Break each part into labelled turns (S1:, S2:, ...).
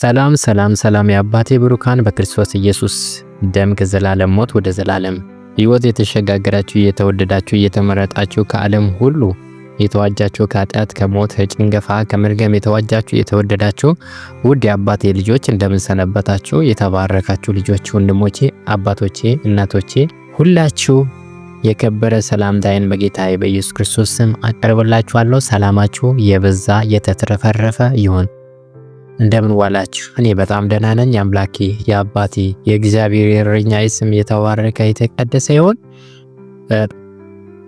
S1: ሰላም ሰላም ሰላም የአባቴ ብሩካን በክርስቶስ ኢየሱስ ደም ከዘላለም ሞት ወደ ዘላለም ሕይወት የተሸጋገራችሁ እየተወደዳችሁ እየተመረጣችሁ ከዓለም ሁሉ የተዋጃችሁ ከኃጢአት ከሞት ከጭንገፋ ከመርገም የተዋጃችሁ የተወደዳችሁ ውድ የአባቴ ልጆች እንደምንሰነበታችሁ የተባረካችሁ ልጆች፣ ወንድሞቼ፣ አባቶቼ፣ እናቶቼ ሁላችሁ የከበረ ሰላምታዬን በጌታ በኢየሱስ ክርስቶስ ስም አቀርብላችኋለሁ። ሰላማችሁ የበዛ የተትረፈረፈ ይሁን። እንደምን ዋላችሁ? እኔ በጣም ደህና ነኝ። አምላኬ የአባቴ የእግዚአብሔር የእረኛዬ ስም የተባረከ የተቀደሰ ይሁን።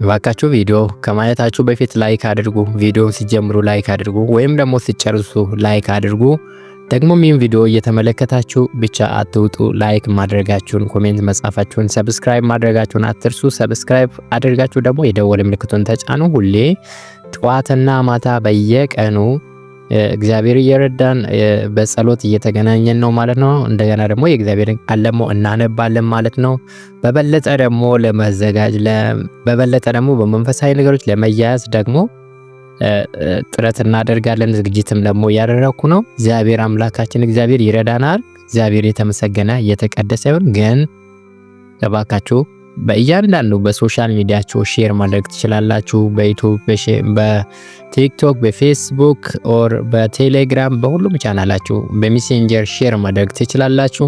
S1: ባካችሁ ቪዲዮ ከማየታችሁ በፊት ላይክ አድርጉ። ቪዲዮ ሲጀምሩ ላይክ አድርጉ፣ ወይም ደግሞ ሲጨርሱ ላይክ አድርጉ። ደግሞ ይህን ቪዲዮ እየተመለከታችሁ ብቻ አትውጡ። ላይክ ማድረጋችሁን፣ ኮሜንት መጻፋችሁን፣ ሰብስክራይብ ማድረጋችሁን አትርሱ። ሰብስክራይብ አድርጋችሁ ደግሞ የደወል ምልክቱን ተጫኑ። ሁሌ ጠዋትና ማታ በየቀኑ እግዚአብሔር እየረዳን በጸሎት እየተገናኘን ነው ማለት ነው። እንደገና ደግሞ የእግዚአብሔርን ቃል ደግሞ እናነባለን ማለት ነው። በበለጠ ደግሞ ለመዘጋጅ በበለጠ ደግሞ በመንፈሳዊ ነገሮች ለመያያዝ ደግሞ ጥረት እናደርጋለን። ዝግጅትም ደግሞ እያደረግኩ ነው። እግዚአብሔር አምላካችን እግዚአብሔር ይረዳናል። እግዚአብሔር የተመሰገነ የተቀደሰ ይሁን። ግን እባካችሁ በእያንዳንዱ በሶሻል ሚዲያቸው ሼር ማድረግ ትችላላችሁ። በዩቱብ፣ በቲክቶክ፣ በፌስቡክ ኦር በቴሌግራም በሁሉም ቻናላችሁ በሜሴንጀር ሼር ማድረግ ትችላላችሁ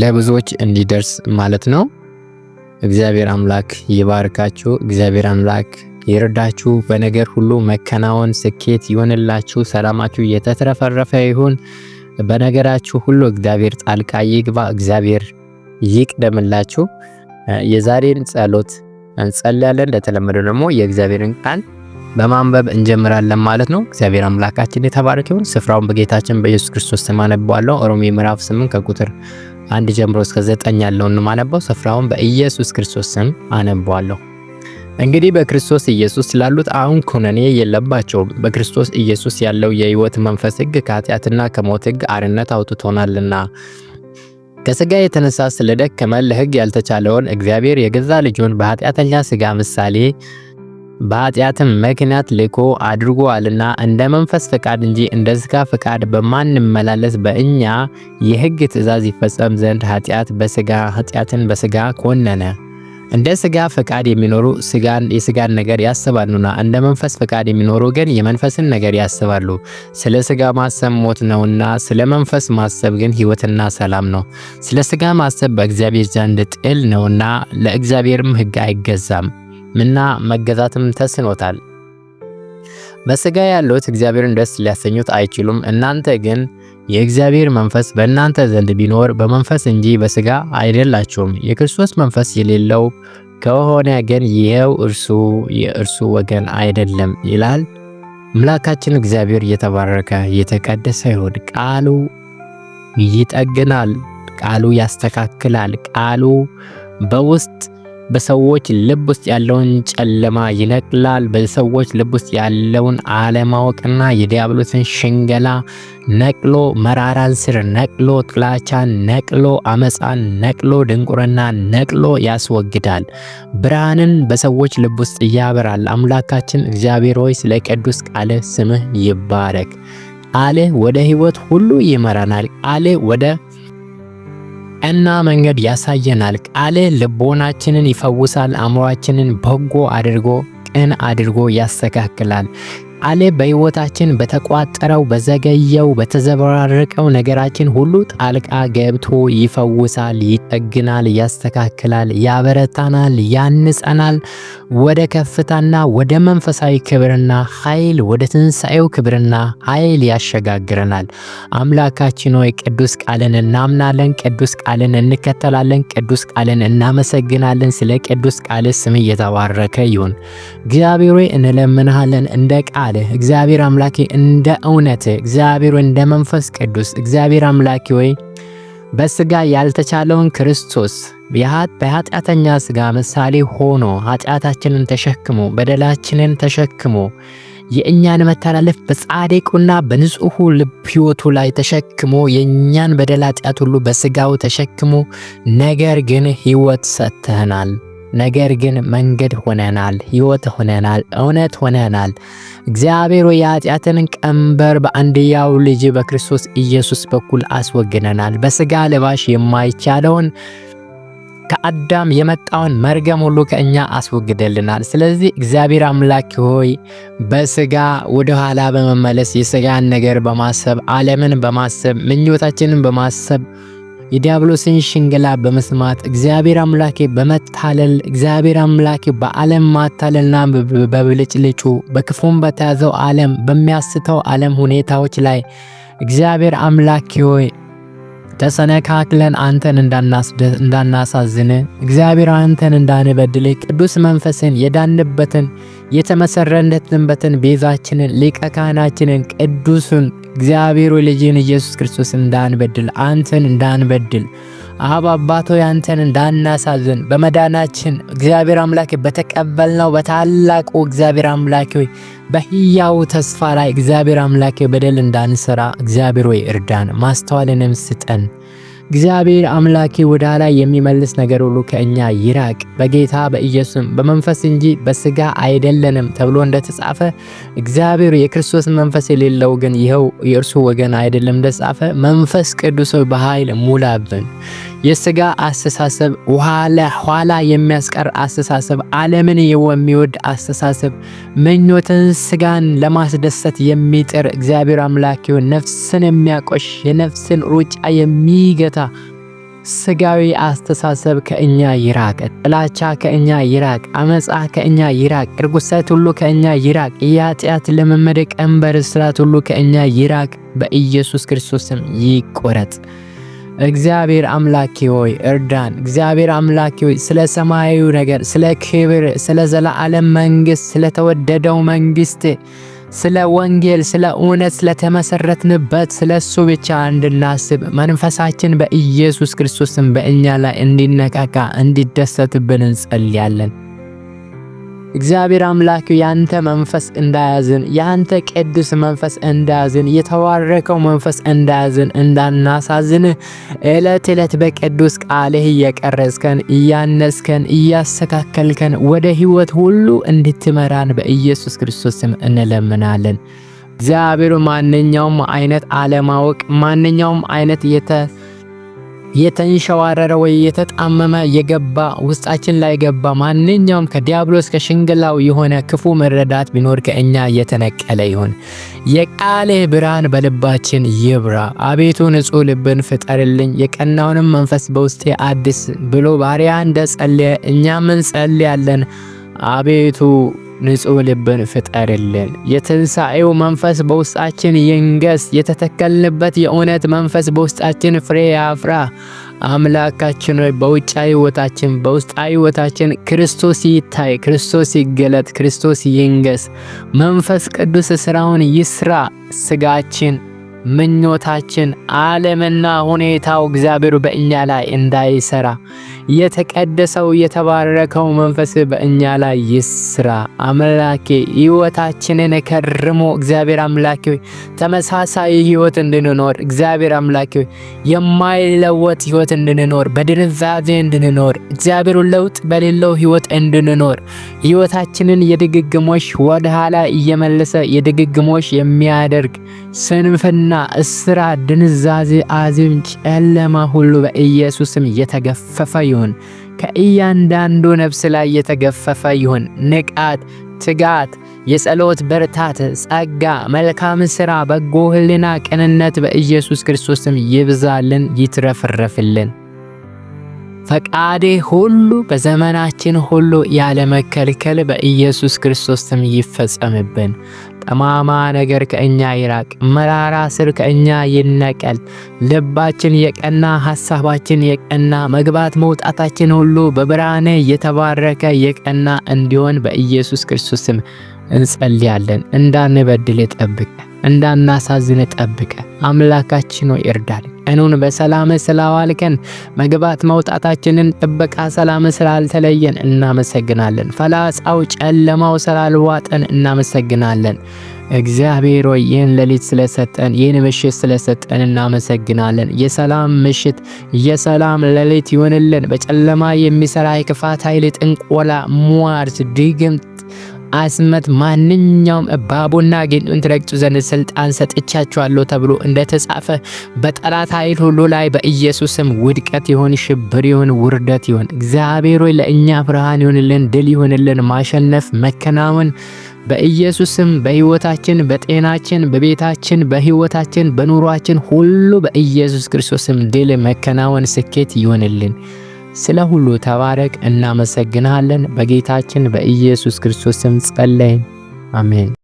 S1: ለብዙዎች እንዲደርስ ማለት ነው። እግዚአብሔር አምላክ ይባርካችሁ። እግዚአብሔር አምላክ ይርዳችሁ። በነገር ሁሉ መከናወን ስኬት ይሆንላችሁ። ሰላማችሁ የተትረፈረፈ ይሁን። በነገራችሁ ሁሉ እግዚአብሔር ጣልቃ ይግባ። እግዚአብሔር ይቅደምላችሁ። የዛሬን ጸሎት እንጸልያለን። እንደተለመደው ደግሞ የእግዚአብሔርን ቃል በማንበብ እንጀምራለን ማለት ነው። እግዚአብሔር አምላካችን የተባረከ ይሁን። ስፍራውን በጌታችን በኢየሱስ ክርስቶስ ስም አነባዋለሁ። ሮሜ ምዕራፍ 8 ከቁጥር አንድ ጀምሮ እስከ ዘጠኝ ያለውን ማነበው ስፍራውን በኢየሱስ ክርስቶስ ስም አነባዋለሁ። እንግዲህ በክርስቶስ ኢየሱስ ስላሉት አሁን ኩነኔ የለባቸውም። በክርስቶስ ኢየሱስ ያለው የህይወት መንፈስ ህግ ከኃጢአትና ከሞት ህግ አርነት አውጥቶናልና ከስጋ የተነሳ ስለደከመ ለህግ ያልተቻለውን እግዚአብሔር የገዛ ልጁን በኃጢአተኛ ስጋ ምሳሌ በኃጢአትም ምክንያት ልኮ አድርጓልና እንደ መንፈስ ፍቃድ እንጂ እንደ ስጋ ፍቃድ በማንመላለስ በእኛ የህግ ትእዛዝ ይፈጸም ዘንድ ኃጢአት በስጋ ኃጢአትን በስጋ ኮነነ። እንደ ስጋ ፈቃድ የሚኖሩ ስጋን የስጋን ነገር ያስባሉና እንደ መንፈስ ፈቃድ የሚኖሩ ግን የመንፈስን ነገር ያስባሉ። ስለ ስጋ ማሰብ ሞት ነውና ስለ መንፈስ ማሰብ ግን ሕይወትና ሰላም ነው። ስለ ስጋ ማሰብ በእግዚአብሔር ዘንድ ጥል ነውና ለእግዚአብሔርም ሕግ አይገዛም እና መገዛትም ተስኖታል። በስጋ ያሉት እግዚአብሔርን ደስ ሊያሰኙት አይችሉም። እናንተ ግን የእግዚአብሔር መንፈስ በእናንተ ዘንድ ቢኖር በመንፈስ እንጂ በሥጋ አይደላችሁም። የክርስቶስ መንፈስ የሌለው ከሆነ ግን ይኸው እርሱ የእርሱ ወገን አይደለም ይላል። አምላካችን እግዚአብሔር እየተባረከ እየተቀደሰ ይሁን። ቃሉ ይጠግናል፣ ቃሉ ያስተካክላል፣ ቃሉ በውስጥ በሰዎች ልብ ውስጥ ያለውን ጨለማ ይነቅላል። በሰዎች ልብ ውስጥ ያለውን አለማወቅና የዲያብሎስን ሽንገላ ነቅሎ፣ መራራን ስር ነቅሎ፣ ጥላቻን ነቅሎ፣ አመፃን ነቅሎ፣ ድንቁርና ነቅሎ ያስወግዳል። ብርሃንን በሰዎች ልብ ውስጥ ያበራል። አምላካችን እግዚአብሔር ሆይ ስለ ቅዱስ ቃለ ስምህ ይባረክ። ቃልህ ወደ ህይወት ሁሉ ይመራናል። ቃልህ ወደ ቀና መንገድ ያሳየናል። ቃልህ ልቦናችንን ይፈውሳል። አእምሯችንን በጎ አድርጎ ቅን አድርጎ ያስተካክላል። አሌ በህይወታችን በተቋጠረው፣ በዘገየው፣ በተዘበራረቀው ነገራችን ሁሉ ጣልቃ ገብቶ ይፈውሳል፣ ይጠግናል፣ ያስተካክላል፣ ያበረታናል፣ ያንጸናል። ወደ ከፍታና ወደ መንፈሳዊ ክብርና ኃይል ወደ ትንሣኤው ክብርና ኃይል ያሸጋግረናል። አምላካችን ሆይ ቅዱስ ቃልን እናምናለን፣ ቅዱስ ቃልን እንከተላለን፣ ቅዱስ ቃልን እናመሰግናለን። ስለ ቅዱስ ቃል ስም እየተባረከ ይሁን። እግዚአብሔር እንለምንሃለን እንደ ቃል ቃል እግዚአብሔር አምላኬ እንደ እውነት እግዚአብሔር እንደ መንፈስ ቅዱስ እግዚአብሔር አምላኬ ወይ በስጋ ያልተቻለውን ክርስቶስ በኃጢአተኛ ስጋ ምሳሌ ሆኖ ኃጢአታችንን ተሸክሞ በደላችንን ተሸክሞ የእኛን መተላለፍ በጻድቁና በንጹሑ ልብ ሕይወቱ ላይ ተሸክሞ የእኛን በደል ኃጢአት ሁሉ በስጋው ተሸክሞ ነገር ግን ሕይወት ሰጥተናል። ነገር ግን መንገድ ሆነናል፣ ሕይወት ሆነናል፣ እውነት ሆነናል። እግዚአብሔር ሆይ የኃጢአትን ቀንበር በአንድያው ልጅ በክርስቶስ ኢየሱስ በኩል አስወግደናል። በሥጋ ለባሽ የማይቻለውን ከአዳም የመጣውን መርገም ሁሉ ከእኛ አስወግደልናል። ስለዚህ እግዚአብሔር አምላክ ሆይ በሥጋ ወደ ኋላ በመመለስ የሥጋን ነገር በማሰብ ዓለምን በማሰብ ምኞታችንን በማሰብ የዲያብሎስን ሽንገላ በመስማት እግዚአብሔር አምላኬ በመታለል እግዚአብሔር አምላኬ በዓለም ማታለልና በብልጭልጩ በክፉም በተያዘው ዓለም በሚያስተው ዓለም ሁኔታዎች ላይ እግዚአብሔር አምላኬ ሆይ ተሰነካክለን አንተን እንዳናሳዝን እግዚአብሔር አንተን እንዳንበድል ቅዱስ መንፈስን የዳንበትን የተመሰረነትንበትን ቤዛችንን ሊቀ ካህናችንን ቅዱሱን እግዚአብሔር ወይ ልጅህን ኢየሱስ ክርስቶስ እንዳንበድል አንተን እንዳንበድል አብ አባቶ ያንተን እንዳናሳዝን በመዳናችን እግዚአብሔር አምላኬ በተቀበልነው በታላቁ እግዚአብሔር አምላኬ ሆይ በህያው ተስፋ ላይ እግዚአብሔር አምላኬ በደል እንዳንሰራ እግዚአብሔር ወይ እርዳን፣ ማስተዋልንም ስጠን። እግዚአብሔር አምላኬ ወደ ኋላ የሚመልስ ነገር ሁሉ ከእኛ ይራቅ፣ በጌታ በኢየሱስም በመንፈስ እንጂ በስጋ አይደለንም ተብሎ እንደተጻፈ እግዚአብሔር የክርስቶስ መንፈስ የሌለው ግን ይኸው የእርሱ ወገን አይደለም እንደተጻፈ መንፈስ ቅዱስ በኃይል ሙላብን። የስጋ አስተሳሰብ፣ ኋላ ኋላ የሚያስቀር አስተሳሰብ፣ ዓለምን የሚወድ አስተሳሰብ፣ ምኞትን፣ ስጋን ለማስደሰት የሚጥር እግዚአብሔር አምላክ ነፍስን የሚያቆሽ የነፍስን ሩጫ የሚገታ ስጋዊ አስተሳሰብ ከእኛ ይራቅ። ጥላቻ ከእኛ ይራቅ። አመፃ ከእኛ ይራቅ። ርኩሰት ሁሉ ከእኛ ይራቅ። የኃጢአት ልምምድ፣ ቀንበር፣ እስራት ሁሉ ከእኛ ይራቅ። በኢየሱስ ክርስቶስም ይቆረጥ። እግዚአብሔር አምላኬ ሆይ እርዳን። እግዚአብሔር አምላኬ ሆይ ስለ ሰማያዊው ነገር፣ ስለ ክብር፣ ስለ ዘላለም መንግስት፣ ስለተወደደው መንግስት፣ ስለ ወንጌል፣ ስለ እውነት ስለተመሰረትንበት ስለ እሱ ብቻ እንድናስብ መንፈሳችን በኢየሱስ ክርስቶስን በእኛ ላይ እንዲነቃቃ እንዲደሰትብን እንጸልያለን። እግዚአብሔር አምላክ ያንተ መንፈስ እንዳያዝን ያንተ ቅዱስ መንፈስ እንዳያዝን የተዋረከው መንፈስ እንዳያዝን እንዳናሳዝን እለት እለት በቅዱስ ቃልህ እየቀረዝከን፣ እያነስከን እያስተካከልከን ወደ ህይወት ሁሉ እንድትመራን በኢየሱስ ክርስቶስ ስም እንለምናለን። እግዚአብሔር ማንኛውም አይነት አለማወቅ ማንኛውም አይነት የተ የተንሸዋረረ ወይ የተጣመመ የገባ ውስጣችን ላይ ገባ ማንኛውም ከዲያብሎስ ከሽንግላው የሆነ ክፉ መረዳት ቢኖር ከእኛ የተነቀለ ይሁን። የቃሌ ብርሃን በልባችን ይብራ። አቤቱ ንጹሕ ልብን ፍጠርልኝ፣ የቀናውንም መንፈስ በውስጤ አድስ ብሎ ባሪያ እንደጸለየ እኛ ምን ጸልያለን አቤቱ ንጹሕ ልብን ፍጠርልን። የትንሣኤው መንፈስ በውስጣችን ይንገስ። የተተከልንበት የእውነት መንፈስ በውስጣችን ፍሬ ያፍራ። አምላካችን ሆይ በውጫዊ ሕይወታችን በውስጣዊ ሕይወታችን ክርስቶስ ይታይ፣ ክርስቶስ ይገለጥ፣ ክርስቶስ ይንገስ። መንፈስ ቅዱስ ስራውን ይስራ። ስጋችን ምኞታችን፣ ዓለምና ሁኔታው እግዚአብሔር በእኛ ላይ እንዳይሰራ የተቀደሰው የተባረከው መንፈስ በእኛ ላይ ይስራ። አምላኬ ህይወታችንን ከርሞ እግዚአብሔር አምላኬ ተመሳሳይ ህይወት እንድንኖር እግዚአብሔር አምላኬ የማይለወጥ ህይወት እንድንኖር በድንዛዜ እንድንኖር እግዚአብሔሩ ለውጥ በሌለው ህይወት እንድንኖር ህይወታችንን የድግግሞሽ ወደኋላ እየመለሰ የድግግሞሽ የሚያደርግ ስንፍና እስራ ድንዛዜ፣ አዚም፣ ጨለማ ሁሉ በኢየሱስም የተገፈፈ ይሁን። ከእያንዳንዱ ነፍስ ላይ የተገፈፈ ይሁን። ንቃት፣ ትጋት፣ የጸሎት በርታት፣ ጸጋ፣ መልካም ሥራ፣ በጎ ህልና፣ ቅንነት በኢየሱስ ክርስቶስም ይብዛልን፣ ይትረፍረፍልን። ፈቃዴ ሁሉ በዘመናችን ሁሉ ያለመከልከል በኢየሱስ ክርስቶስ ስም ይፈጸምብን። ጠማማ ነገር ከእኛ ይራቅ፣ መራራ ስር ከእኛ ይነቀል። ልባችን የቀና ሐሳባችን የቀና መግባት መውጣታችን ሁሉ በብርሃኔ የተባረከ የቀና እንዲሆን በኢየሱስ ክርስቶስ ስም እንጸልያለን። እንዳንበድል ጠብቀ፣ እንዳናሳዝን ጠብቀ። አምላካችን ሆይ እርዳን። ቀኑን በሰላም ስላዋልከን መግባት መውጣታችንን ጥበቃ ሰላም ስላልተለየን እናመሰግናለን። ፈላጻው ጨለማው ስላልዋጠን እናመሰግናለን። እግዚአብሔር ሆይ ይህን ሌሊት ስለሰጠን ይህን ምሽት ስለሰጠን እናመሰግናለን። የሰላም ምሽት የሰላም ሌሊት ይሆንልን። በጨለማ የሚሰራ የክፋት ኃይል ጥንቆላ፣ ሟርት፣ ድግምት አስመት ማንኛውም እባቡና ጊንጡን ትረግጡ ዘንድ ስልጣን ሰጥቻችኋለሁ ተብሎ እንደተጻፈ በጠላት ኃይል ሁሉ ላይ በኢየሱስም ውድቀት ይሁን፣ ሽብር ይሁን፣ ውርደት ይሁን። እግዚአብሔር ሆይ ለእኛ ብርሃን ይሁንልን፣ ድል ይሁንልን፣ ማሸነፍ መከናወን በኢየሱስም በህይወታችን፣ በጤናችን፣ በቤታችን፣ በህይወታችን፣ በኑሯችን ሁሉ በኢየሱስ ክርስቶስም ድል መከናወን ስኬት ይሆንልን። ስለ ሁሉ ተባረክ። እናመሰግናለን በጌታችን በኢየሱስ ክርስቶስ ስም ጸለይን፣ አሜን።